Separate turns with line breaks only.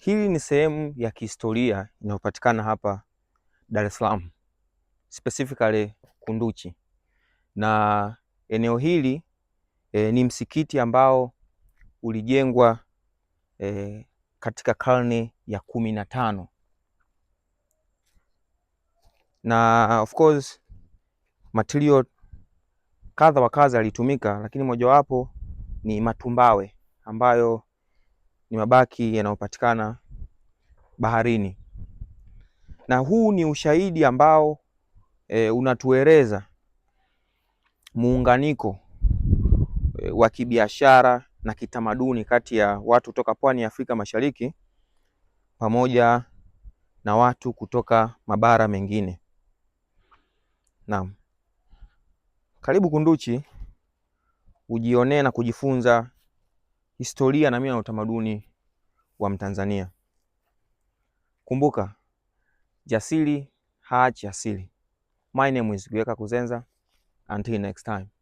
hili ni sehemu ya kihistoria inayopatikana hapa Dar es Salaam, specifically Kunduchi, na eneo hili e, ni msikiti ambao ulijengwa e, katika karne ya kumi na tano na of course material kadha wa kadha yalitumika, lakini mojawapo ni matumbawe ambayo ni mabaki yanayopatikana baharini, na huu ni ushahidi ambao e, unatueleza muunganiko e, wa kibiashara na kitamaduni kati ya watu kutoka pwani ya Afrika Mashariki pamoja na watu kutoka mabara mengine. Naam. Karibu Kunduchi ujionee na kujifunza historia na mila na utamaduni wa Mtanzania. Kumbuka, jasiri haachi asili. My name is Gweka Kuzenza. Until next time.